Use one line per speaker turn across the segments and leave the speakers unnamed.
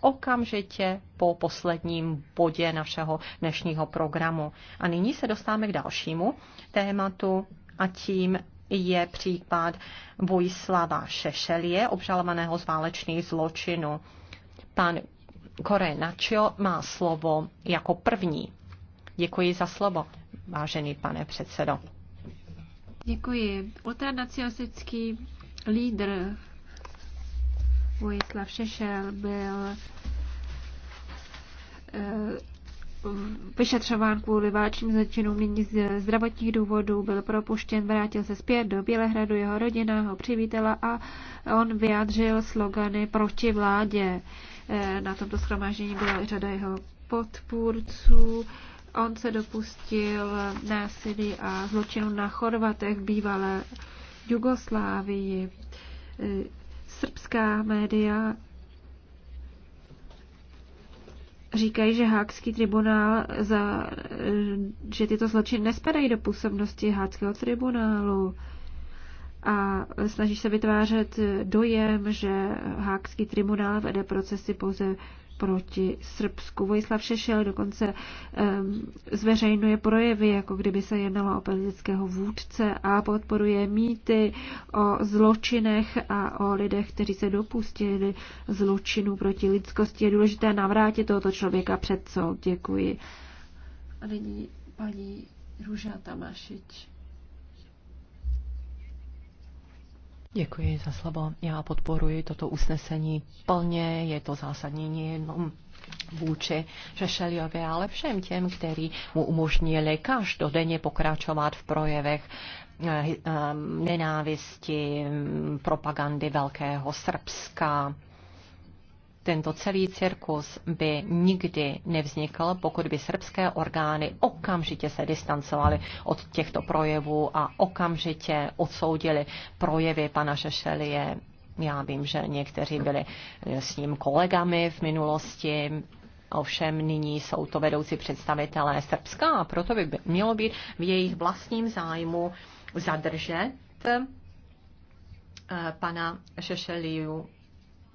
okamžitě po posledním bodě našeho dnešního programu. A nyní se dostáváme k dalšímu tématu a tím je případ Vojslava Šešelie, obžalovaného z válečných zločinů. Pan Korenačio má slovo jako první. Děkuji za slovo, vážený pane předsedo.
Děkuji. Ultranacionalistický lídr Vojislav Šešel byl eh, vyšetřován kvůli válečným zločinům, nyní z zdravotních důvodů byl propuštěn, vrátil se zpět do Bělehradu, jeho rodina ho přivítala a on vyjádřil slogany proti vládě. Eh, na tomto schromáždění byla řada jeho podpůrců. On se dopustil násilí a zločinu na Chorvatech bývalé Jugoslávii. Eh, Srbská média říkají, že Hákský tribunál, za, že tyto zločiny nespadají do působnosti Hákského tribunálu a snaží se vytvářet dojem, že Hákský tribunál vede procesy pouze proti Srbsku. Vojislav Šešel dokonce um, zveřejňuje projevy, jako kdyby se jednalo o politického vůdce a podporuje mýty o zločinech a o lidech, kteří se dopustili zločinu proti lidskosti. Je důležité navrátit tohoto člověka před soud. Děkuji. A nyní paní Růža Tamášič.
Děkuji za slovo. Já podporuji toto usnesení plně. Je to zásadní nejenom vůči Řešeljovi, ale všem těm, který mu umožnili každodenně pokračovat v projevech eh, eh, nenávisti, propagandy Velkého Srbska, tento celý cirkus by nikdy nevznikl, pokud by srbské orgány okamžitě se distancovaly od těchto projevů a okamžitě odsoudili projevy pana Šešelie. Já vím, že někteří byli eh, s ním kolegami v minulosti, Ovšem nyní jsou to vedoucí představitelé Srbska a proto by mělo být v jejich vlastním zájmu zadržet eh, pana Šešeliu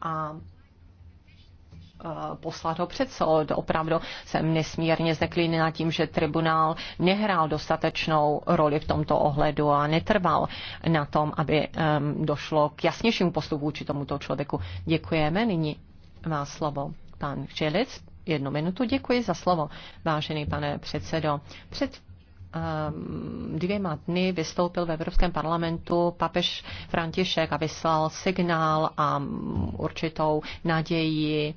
a Eh, poslat ho před soud. Opravdu jsem nesmírně zeklíněna tím, že tribunál nehrál dostatečnou roli v tomto ohledu a netrval na tom, aby došlo k jasnějšímu postupu či tomuto člověku. Děkujeme. Nyní má slovo pan Čelic. Jednu minutu. Děkuji za slovo, vážený pane předsedo. Před dvěma dny vystoupil v Evropském parlamentu papež František a vyslal signál a mm, určitou naději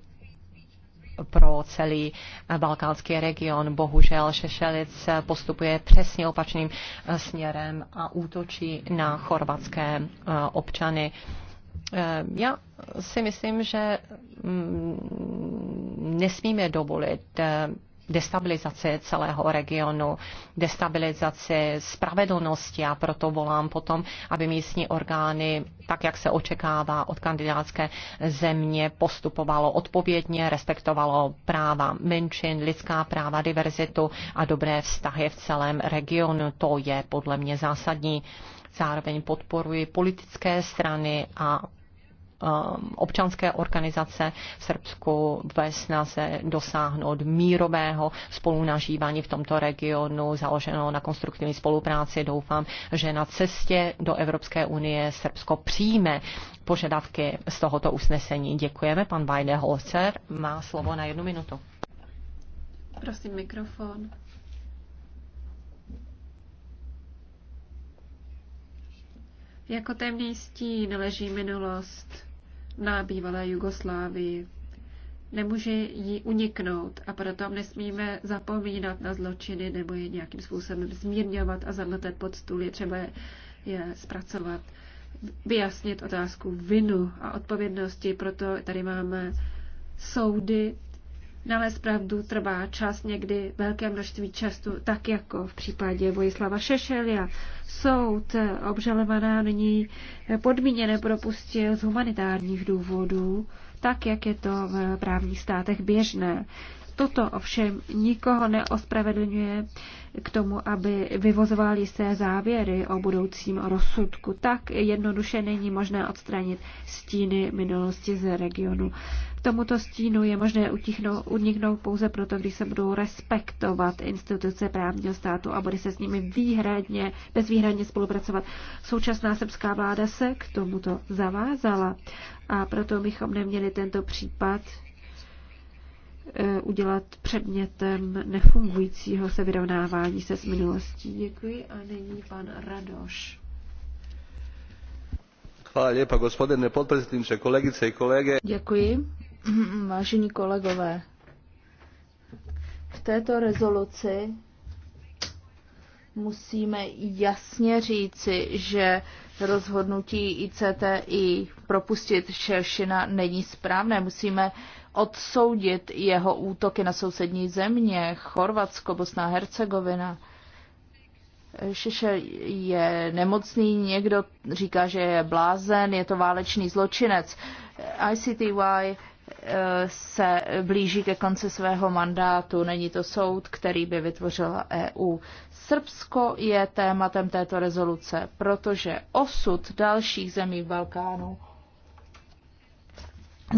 pro celý balkánský region. Bohužel Šešelic postupuje přesně opačným eh, směrem a útočí na chorvatské eh, občany. Eh, já si myslím, že mm, nesmíme dovolit destabilizaci celého regionu, destabilizaci spravedlnosti a proto volám potom, aby místní orgány, tak jak se očekává od kandidátské země, postupovalo odpovědně, respektovalo práva menšin, lidská práva, diverzitu a dobré vztahy v celém regionu. To je podle mě zásadní. Zároveň podporuji politické strany a Um, občanské organizace v Srbsku ve snaze dosáhnout mírového spolunažívání v tomto regionu, založeno na konstruktivní spolupráci. Doufám, že na cestě do Evropské unie Srbsko přijme požadavky z tohoto usnesení. Děkujeme. Pan Bajde Holzer má slovo na jednu minutu.
Prosím mikrofon. Jako temný stín leží minulost na bývalé Jugoslávii. Nemůže jí uniknout a proto nesmíme zapomínat na zločiny nebo je nějakým způsobem zmírňovat a zadletet pod stůl. Je třeba je zpracovat, vyjasnit otázku vinu a odpovědnosti. Proto tady máme soudy nalézt pravdu trvá čas, někdy velké množství času, tak jako v případě Vojislava Šešelia. Soud obžalovaná nyní podmíněně propustil z humanitárních důvodů, tak jak je to v právních státech běžné. Toto ovšem nikoho neospravedlňuje k tomu, aby vyvozovali se závěry o budoucím rozsudku. Tak jednoduše není možné odstranit stíny minulosti z regionu. K tomuto stínu je možné utichnout, uniknout pouze proto, když se budou respektovat instituce právního státu a bude se s nimi výhradně, bezvýhradně spolupracovat. Současná srbská vláda se k tomuto zavázala a proto bychom neměli tento případ eh, udělat předmětem nefungujícího se vyrovnávání se s minulostí. Děkuji a nyní pan Radoš.
Hvala lijepa gospodine kolegice i kolege.
Děkuji. Vážení kolegové, v této rezoluci musíme jasně říci, že rozhodnutí ICTI propustit Šeršina není správné. Musíme odsoudit jeho útoky na sousední země, Chorvatsko, Bosna a Hercegovina. Šešel je nemocný, někdo říká, že je blázen, je to válečný zločinec. ICTY se blíží ke konci svého mandátu. Není to soud, který by vytvořila EU. Srbsko je tématem této rezoluce, protože osud dalších zemí v Balkánu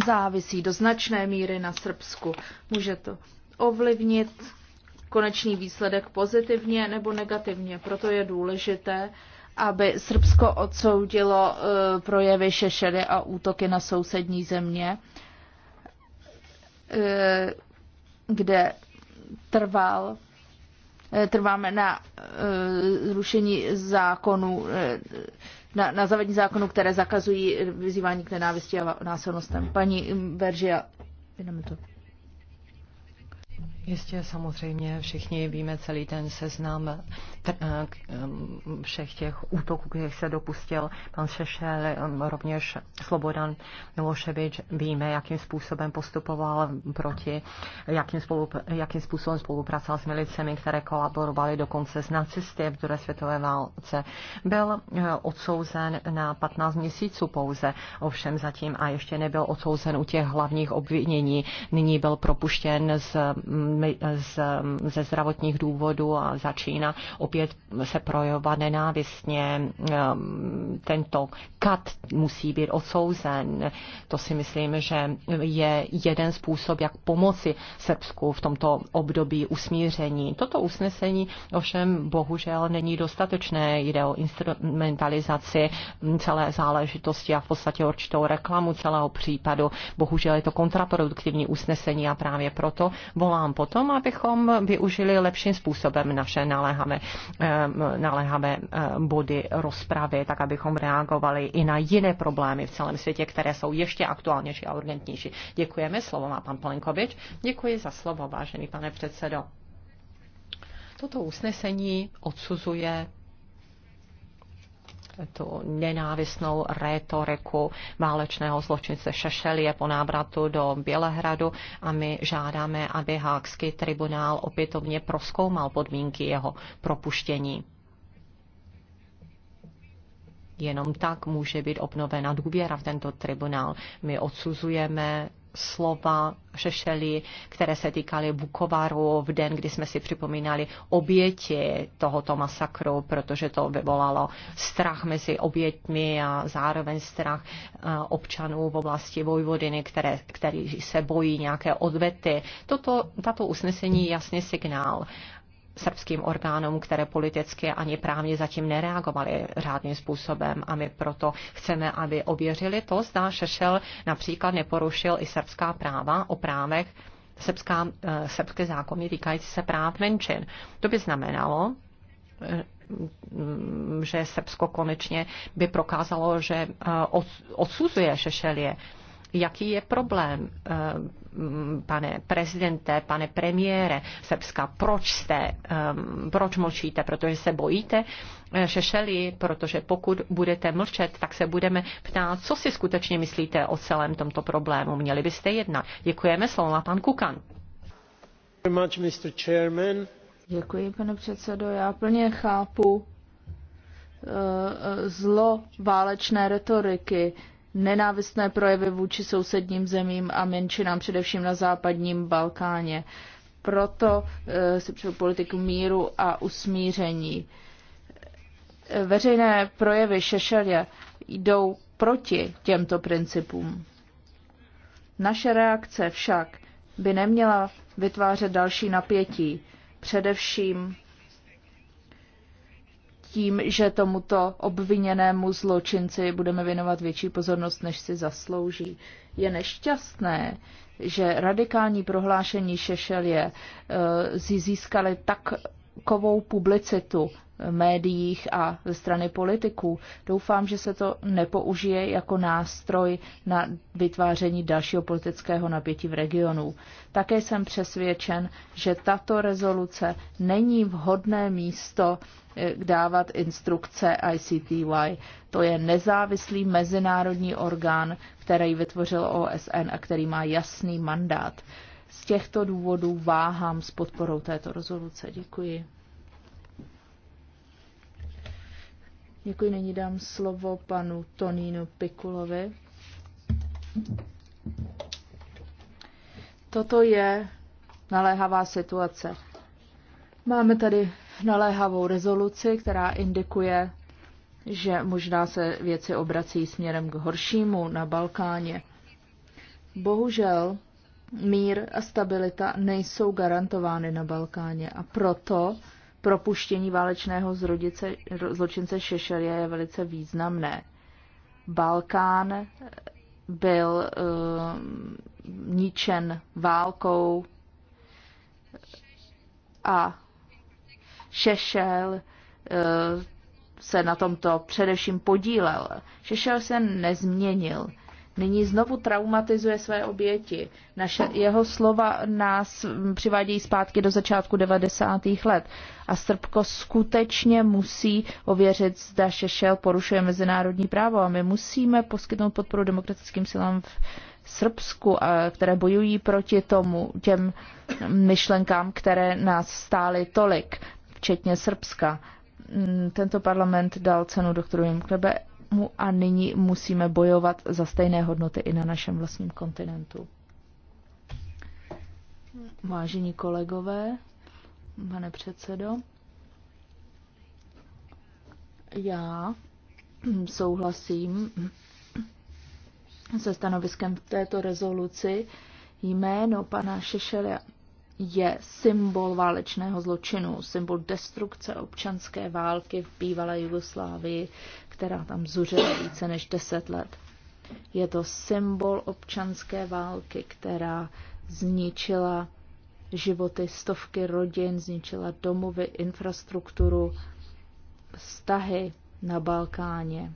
závisí do značné míry na Srbsku. Může to ovlivnit konečný výsledek pozitivně nebo negativně. Proto je důležité, aby Srbsko odsoudilo eh, projevy šešely a útoky na sousední země Eh, kde trval, eh, trváme na eh, zrušení zákonu, na, na zavedení zákonu, které zakazují vyzývání k nenávisti a násilnostem. Paní Veržia, jenom to.
Jistě, samozřejmě, všichni víme celý ten seznam eh, eh, všech těch útoků, kterých se dopustil pan Šešel, eh, rovněž Slobodan Miloševič. Víme, jakým způsobem postupoval proti, jakým, spolu, jakým způsobem spolupracoval s milicemi, které kolaborovaly dokonce s nacisty v druhé světové válce. Byl odsouzen na 15 měsíců pouze, ovšem zatím a ještě nebyl odsouzen u těch hlavních obvinění. Nyní byl propuštěn z mm, z, ze zdravotních důvodů a začíná opět se projevovat nenávistně. Ehm, tento kat musí být odsouzen. To si myslím, že je jeden způsob, jak pomoci Srbsku v tomto období usmíření. Toto usnesení ovšem bohužel není dostatečné. Jde o instrumentalizaci celé záležitosti a v podstatě určitou reklamu celého případu. Bohužel je to kontraproduktivní usnesení a právě proto volám potom, abychom využili lepším způsobem naše naléhavé, naléhavé body rozpravy, tak abychom reagovali i na jiné problémy v celém světě, které jsou ještě aktuálnější a urgentnější. Děkujeme, slovo má pan Plenkovič. Děkuji za slovo, vážený pane předsedo. Toto usnesení odsuzuje tu nenávistnou rétoriku válečného zločince Šešelie po návratu do Bělehradu a my žádáme, aby Hákský tribunál opětovně proskoumal podmínky jeho propuštění. Jenom tak může být obnovena důvěra v tento tribunál. My odsuzujeme slova řešili, které se týkaly Bukovaru v den, kdy jsme si připomínali oběti tohoto masakru, protože to vyvolalo strach mezi oběťmi a zároveň strach eh, občanů v oblasti Vojvodiny, které, který se bojí nějaké odvety. Toto, tato usnesení je jasný signál srbským orgánům, které politicky ani právně zatím nereagovaly řádným způsobem a my proto chceme, aby ověřili to, zda Šešel například neporušil i srbská práva o právech srbská, eh, srbské zákony týkající se práv menšin. To by znamenalo, eh, že Srbsko konečně by prokázalo, že eh, odsuzuje Šešelie. Jaký je problém? Mm, pane prezidente, pane premiére Srbska, proč jste, mm, proč mlčíte, protože se bojíte eh, šešeli, protože pokud budete mlčet, tak se budeme ptát, co si skutečně myslíte o celém tomto problému. Měli byste jednat. Děkujeme, slovo má pan Kukan.
Děkuji, pane předsedo. Já plně chápu eh, zlo válečné retoriky nenávistné projevy vůči sousedním zemím a menšinám, především na západním Balkáně. Proto e, si přijel politiku míru a usmíření. Eh, veřejné projevy Šešelě jdou proti těmto principům. Naše reakce však by neměla vytvářet další napětí, především tím, že tomuto obviněnému zločinci budeme věnovat větší pozornost, než si zaslouží. Je nešťastné, že radikální prohlášení je eh, získaly takovou publicitu v médiích a ze strany politiků. Doufám, že se to nepoužije jako nástroj na vytváření dalšího politického napětí v regionu. Také jsem přesvědčen, že tato rezoluce není vhodné místo Eh, dávat instrukce ICTY. To je nezávislý mezinárodní orgán, který vytvořil OSN a který má jasný mandát. Z těchto důvodů váhám s podporou této rezoluce. Děkuji. Děkuji, nyní dám slovo panu Tonínu Pikulovi. Toto je naléhavá situace. Máme tady naléhavou rezoluci, která indikuje, že možná se věci obrací směrem k horšímu na Balkáně. Bohužel mír a stabilita nejsou garantovány na Balkáně a proto propuštění válečného zrodice, zločince Šešelia je velice významné. Balkán byl uh, ničen válkou a Šešel eh, se na tomto především podílel. Šešel se nezměnil. Nyní znovu traumatizuje své oběti. Naše, jeho slova nás přivádějí zpátky do začátku 90. let. A Srbko skutečně musí ověřit, zda Šešel porušuje mezinárodní právo. A my musíme poskytnout podporu demokratickým silám v Srbsku, a které bojují proti tomu, těm myšlenkám, které nás stály tolik včetně Srbska. Mm, tento parlament dal cenu doktoru Jemklebemu a nyní musíme bojovat za stejné hodnoty i na našem vlastním kontinentu. Vážení kolegové, pane předsedo, já souhlasím se stanoviskem v této rezoluci jméno pana Šešelia je symbol válečného zločinu, symbol destrukce občanské války v bývalé Jugoslávii, která tam zuřila více než deset let. Je to symbol občanské války, která zničila životy stovky rodin, zničila domovy, infrastrukturu, vztahy na Balkáně.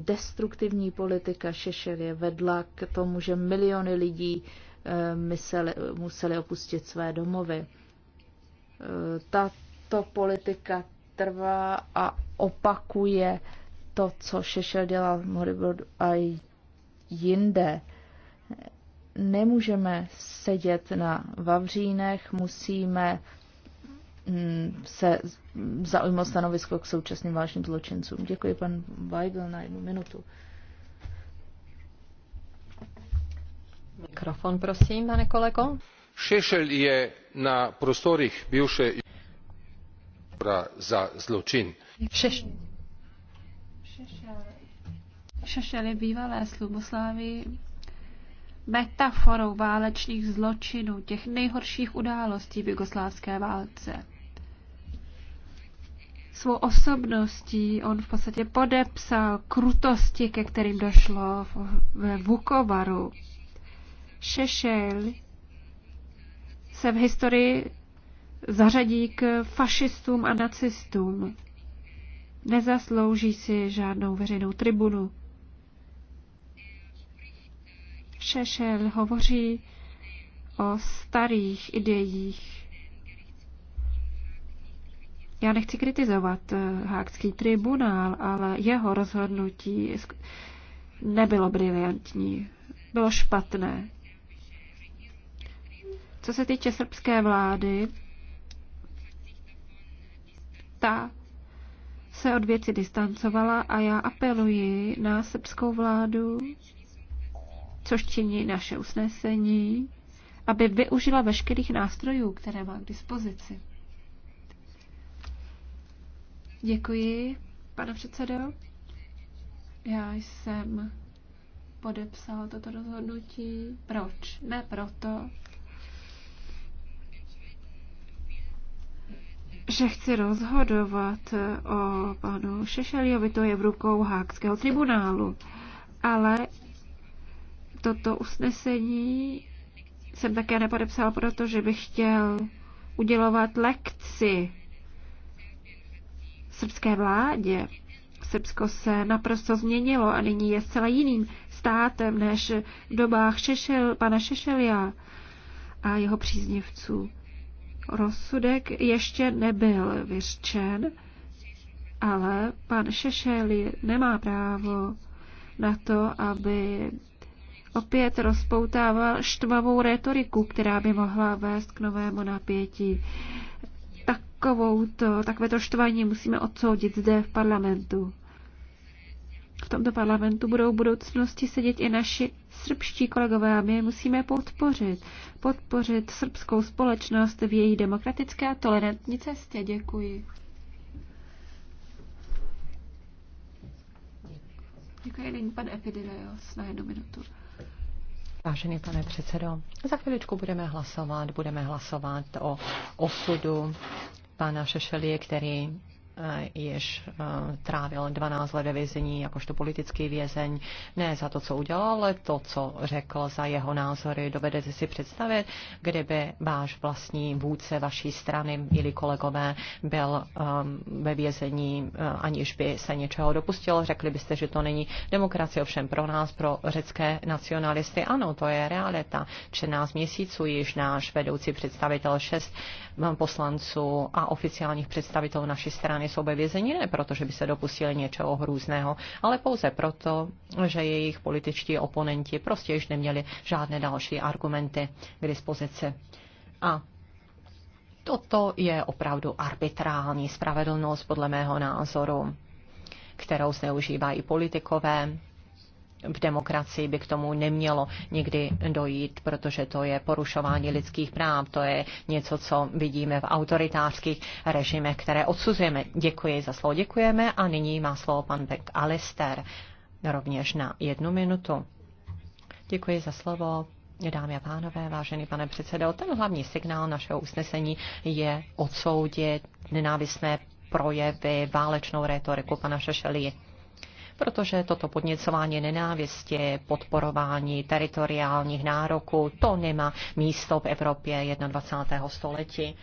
Destruktivní politika Šešel je vedla k tomu, že miliony lidí Eh, myseli, museli opustit své domovy. Eh, tato politika trvá a opakuje to, co Šešel dělal v Moribodu a jinde. Nemůžeme sedět na Vavřínech, musíme hm, se zaujmout stanovisko k současným vážným zločincům. Děkuji, pan Weigl, na jednu minutu.
Mikrofon, prosím, pane kolego.
Šešelj je na prostorih bivše za zločin.
Šešel.
Šešel je bývalé Sluboslávy metaforou válečných zločinů, těch nejhorších událostí v jugoslávské válce. Svou osobností on v podstatě podepsal krutosti, ke kterým došlo ve Vukovaru. Šešel se v historii zařadí k fašistům a nacistům. Nezaslouží si žádnou veřejnou tribunu. Šešel hovoří o starých ideích. Já nechci kritizovat eh, Hákský tribunál, ale jeho rozhodnutí nebylo brilantní. Bylo špatné. Co se týče srbské vlády, ta se od věci distancovala a já apeluji na srbskou vládu, což činí naše usnesení, aby využila veškerých nástrojů, které má k dispozici. Děkuji, pane předsedo. Já jsem podepsal toto rozhodnutí. Proč? Ne proto, že chci rozhodovat eh, o panu Šešeliovi, to je v rukou Hákského tribunálu. Ale toto usnesení jsem také nepodepsal, protože bych chtěl udělovat lekci srbské vládě. Srbsko se naprosto změnilo a nyní je zcela jiným státem než v dobách Šešel, pana Šešelia a jeho příznivců. Rozsudek ještě nebyl vyřčen, ale pan Šešeli nemá právo na to, aby opět rozpoutával štvavou retoriku, která by mohla vést k novému napětí. Takovou to, takové to štvaní musíme odsoudit zde v parlamentu v tomto parlamentu budou v budoucnosti sedět i naši srbští kolegové a my je musíme podpořit. Podpořit srbskou společnost v její demokratické a tolerantní cestě. Děkuji. Děkuji, nyní pan Epididaios na jednu minutu.
Vážený pane předsedo, za chviličku budeme hlasovat, budeme hlasovat o osudu pana Šešelie, který Eh, jež eh, trávil 12 let vězení jakožto politický vězeň, ne za to, co udělal, ale to, co řekl za jeho názory. Dovedete si představit, kdyby váš vlastní vůdce vaší strany, milí kolegové, byl eh, ve vězení, aniž by se něčeho dopustil. Řekli byste, že to není demokracie, ovšem pro nás, pro řecké nacionalisty. Ano, to je realita. 14 měsíců již náš vedoucí představitel, 6 poslanců a oficiálních představitelů naší strany nejsou ve vězení ne proto, že by se dopustili něčeho hrůzného, ale pouze proto, že jejich političtí oponenti prostě již neměli žádné další argumenty k dispozici. A toto je opravdu arbitrální spravedlnost podle mého názoru, kterou zneužívají politikové, v demokracii by k tomu nemělo nikdy dojít, protože to je porušování lidských práv, to je něco, co vidíme v autoritářských režimech, které odsuzujeme. Děkuji za slovo, děkujeme a nyní má slovo pan Beck Alister rovněž na jednu minutu. Děkuji za slovo. Dámy a pánové, vážený pane předsedo, ten hlavní signál našeho usnesení je odsoudit nenávisné projevy, válečnou retoriku pana Šešelí protože toto podněcování nenávistě, podporování teritoriálních nároků, to nemá místo v Evropě 21. století.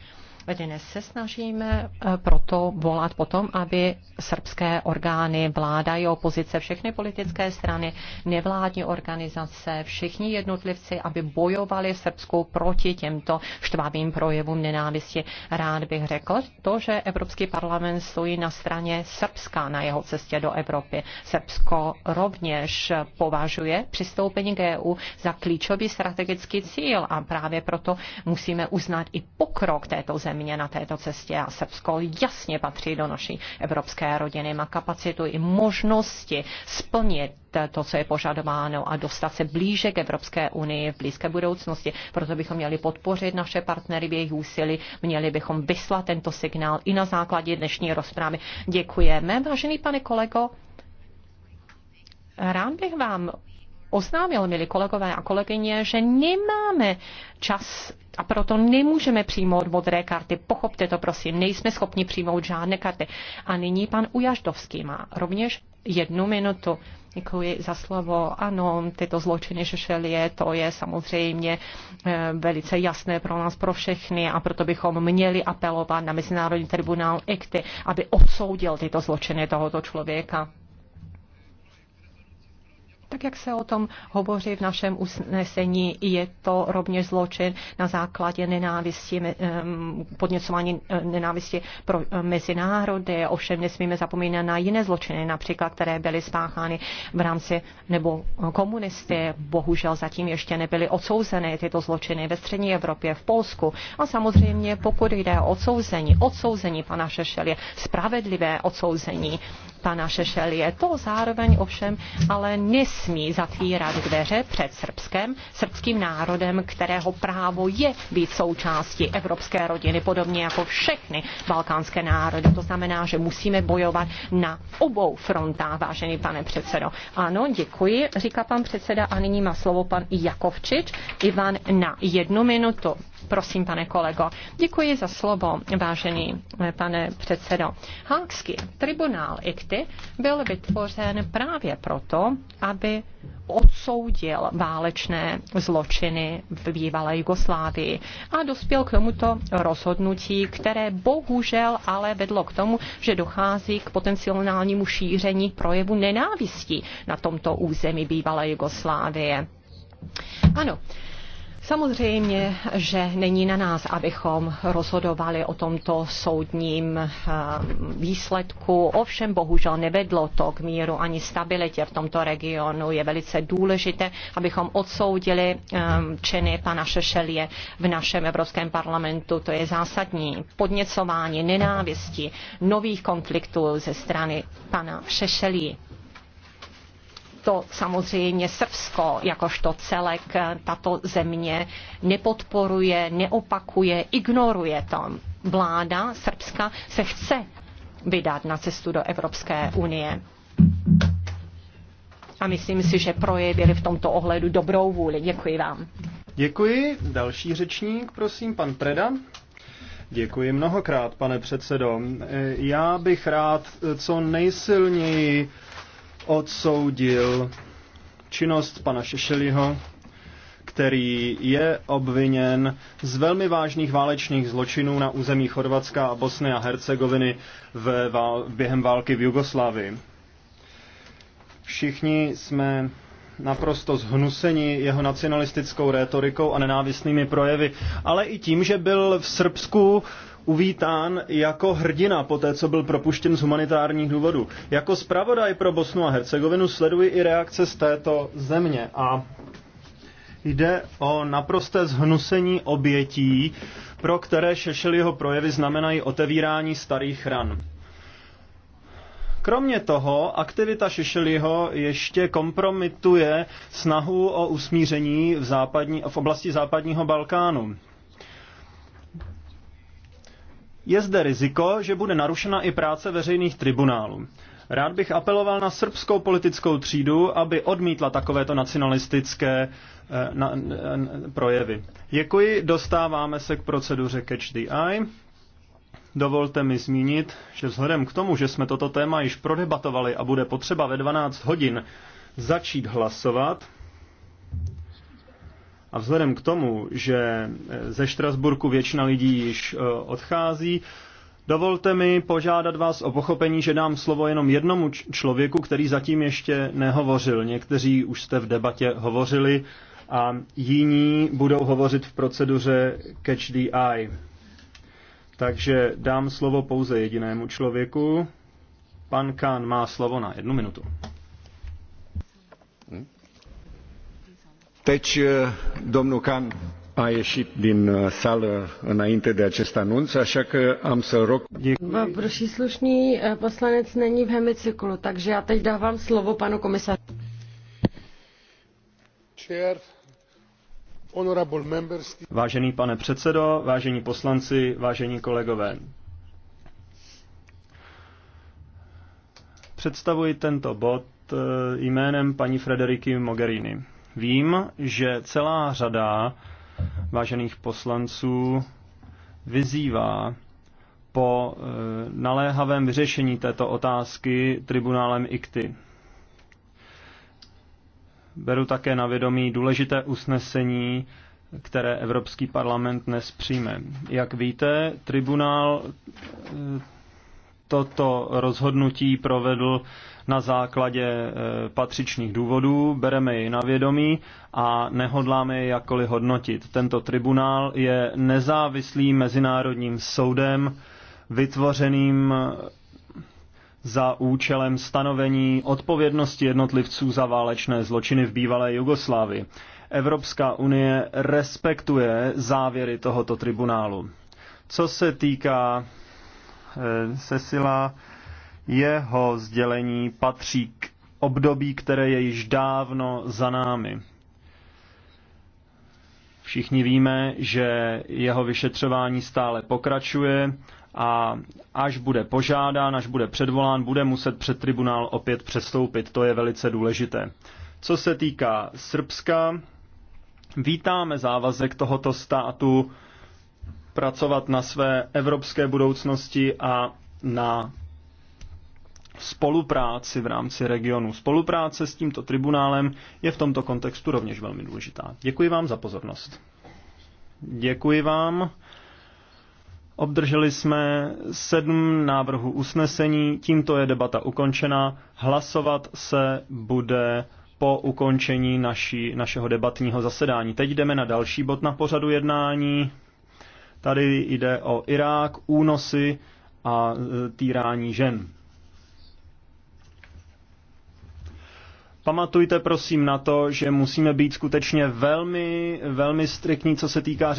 Dnes se snažíme eh, proto volat potom, aby srbské orgány, vláda i opozice, všechny politické strany, nevládní organizace, všichni jednotlivci, aby bojovali v Srbsku proti těmto štvavým projevům nenávisti. Rád bych řekl to, že Evropský parlament stojí na straně Srbska na jeho cestě do Evropy. Srbsko rovněž považuje přistoupení k EU za klíčový strategický cíl a právě proto musíme uznat i pokrok této země země na této cestě a Srbsko jasně patří do naší evropské rodiny. Má kapacitu i možnosti splnit to, co je požadováno a dostat se blíže k Evropské unii v blízké budoucnosti. Proto bychom měli podpořit naše partnery v jejich úsilí, měli bychom vyslat tento signál i na základě dnešní rozprávy. Děkujeme, vážený pane kolego. Rád bych vám oznámil, milí kolegové a kolegyně, že nemáme čas a proto nemůžeme přijmout modré karty. Pochopte to, prosím, nejsme schopni přijmout žádné karty. A nyní pan Ujaždovský má rovněž jednu minutu. Děkuji za slovo. Ano, tyto zločiny Šešelie, to je samozřejmě eh, velice jasné pro nás, pro všechny a proto bychom měli apelovat na Mezinárodní tribunál ICTY, aby odsoudil tyto zločiny tohoto člověka tak jak se o tom hovoří v našem usnesení, je to rovněž zločin na základě nenávisti, eh, podněcování eh, nenávisti pro eh, mezinárody. Ovšem nesmíme zapomínat na jiné zločiny, například, které byly spáchány v rámci nebo komunisty. Bohužel zatím ještě nebyly odsouzeny tyto zločiny ve střední Evropě, v Polsku. A samozřejmě, pokud jde o odsouzení, odsouzení pana je spravedlivé odsouzení, pana Šešelie. To zároveň ovšem ale nesmí zatvírat dveře před Srbskem, srbským národem, kterého právo je být součástí evropské rodiny, podobně jako všechny balkánské národy. To znamená, že musíme bojovat na obou frontách, vážený pane předsedo. Ano, děkuji, říká pan předseda a nyní má slovo pan Jakovčič. Ivan na jednu minutu. Prosím, pane kolego. Děkuji za slovo, vážený pane předsedo. Hákský tribunál ICTY byl vytvořen právě proto, aby odsoudil válečné zločiny v bývalé Jugoslávii a dospěl k tomuto rozhodnutí, které bohužel ale vedlo k tomu, že dochází k potenciálnímu šíření projevu nenávistí na tomto území bývalé Jugoslávie. Ano, Samozřejmě, že není na nás, abychom rozhodovali o tomto soudním eh, výsledku. Ovšem, bohužel nevedlo to k míru ani stabilitě v tomto regionu. Je velice důležité, abychom odsoudili eh, činy pana Šešelie v našem Evropském parlamentu. To je zásadní podněcování nenávisti, nových konfliktů ze strany pana Šešelie to samozřejmě Srbsko jakožto celek eh, tato země nepodporuje, neopakuje, ignoruje to. Vláda Srbska se chce vydat na cestu do Evropské unie. A myslím si, že projevili v tomto ohledu dobrou vůli. Děkuji vám.
Děkuji. Další řečník, prosím, pan Preda. Děkuji mnohokrát, pane předsedo. Eh, já bych rád eh, co nejsilněji odsoudil činnost pana Šešeliho, který je obviněn z velmi vážných válečných zločinů na území Chorvatska a Bosny a Hercegoviny v, během války v Jugoslávii. Všichni jsme naprosto zhnuseni jeho nacionalistickou rétorikou a nenávistnými projevy, ale i tím, že byl v Srbsku uvítán jako hrdina po té, co byl propuštěn z humanitárních důvodů. Jako zpravodaj pro Bosnu a Hercegovinu sleduji i reakce z této země a jde o naprosté zhnusení obětí, pro které Šešeliho projevy znamenají otevírání starých ran. Kromě toho, aktivita Šešeliho ještě kompromituje snahu o usmíření v, západní, v oblasti západního Balkánu. Je zde riziko, že bude narušena i práce veřejných tribunálů. Rád bych apeloval na srbskou politickou třídu, aby odmítla takovéto nacionalistické eh, na, eh, projevy. Děkuji, dostáváme se k proceduře Catch the Eye. Dovolte mi zmínit, že vzhledem k tomu, že jsme toto téma již prodebatovali a bude potřeba ve 12 hodin začít hlasovat, a vzhledem k tomu, že e, ze Štrasburku většina lidí již e, odchází, dovolte mi požádat vás o pochopení, že dám slovo jenom jednomu člověku, který zatím ještě nehovořil. Někteří už jste v debatě hovořili a jiní budou hovořit v proceduře Catch the Eye. Takže dám slovo pouze jedinému člověku. Pan Kán má slovo na jednu minutu. Deci, eh, domnul Can a ieșit din eh, sală înainte de acest anunț, așa că am să rog...
Příslušný eh, poslanec není v hemicyklu, takže já teď dávám slovo panu
komisaři. Vážený pane předsedo, vážení poslanci, vážení kolegové. Představuji tento bod jménem paní Frederiky Mogherini. Vím, že celá řada vážených poslanců vyzývá po eh, naléhavém vyřešení této otázky tribunálem ICTY. Beru také na vědomí důležité usnesení, které Evropský parlament dnes přijme. Jak víte, tribunál eh, toto rozhodnutí provedl na základě e, patřičných důvodů, bereme jej na vědomí a nehodláme jej jakkoliv hodnotit. Tento tribunál je nezávislý mezinárodním soudem vytvořeným e, za účelem stanovení odpovědnosti jednotlivců za válečné zločiny v bývalé Jugoslávii. Evropská unie respektuje závěry tohoto tribunálu. Co se týká Sesila, eh, jeho sdělení patří k období, které je již dávno za námi. Všichni víme, že jeho vyšetřování stále pokračuje a až bude požádán, až bude předvolán, bude muset před tribunál opět přestoupit. To je velice důležité. Co se týká Srbska, vítáme závazek tohoto státu pracovat na své evropské budoucnosti a na spolupráci v rámci regionu. Spolupráce s tímto tribunálem je v tomto kontextu rovněž velmi důležitá. Děkuji vám za pozornost. Děkuji vám. Obdrželi jsme sedm návrhů usnesení, tímto je debata ukončena. Hlasovat se bude po ukončení naší, našeho debatního zasedání. Teď jdeme na další bod na pořadu jednání. Tady jde o Irák, únosy a e, týrání žen. Pamatujte prosím na to, že musíme být skutečně velmi, velmi striktní, co se týká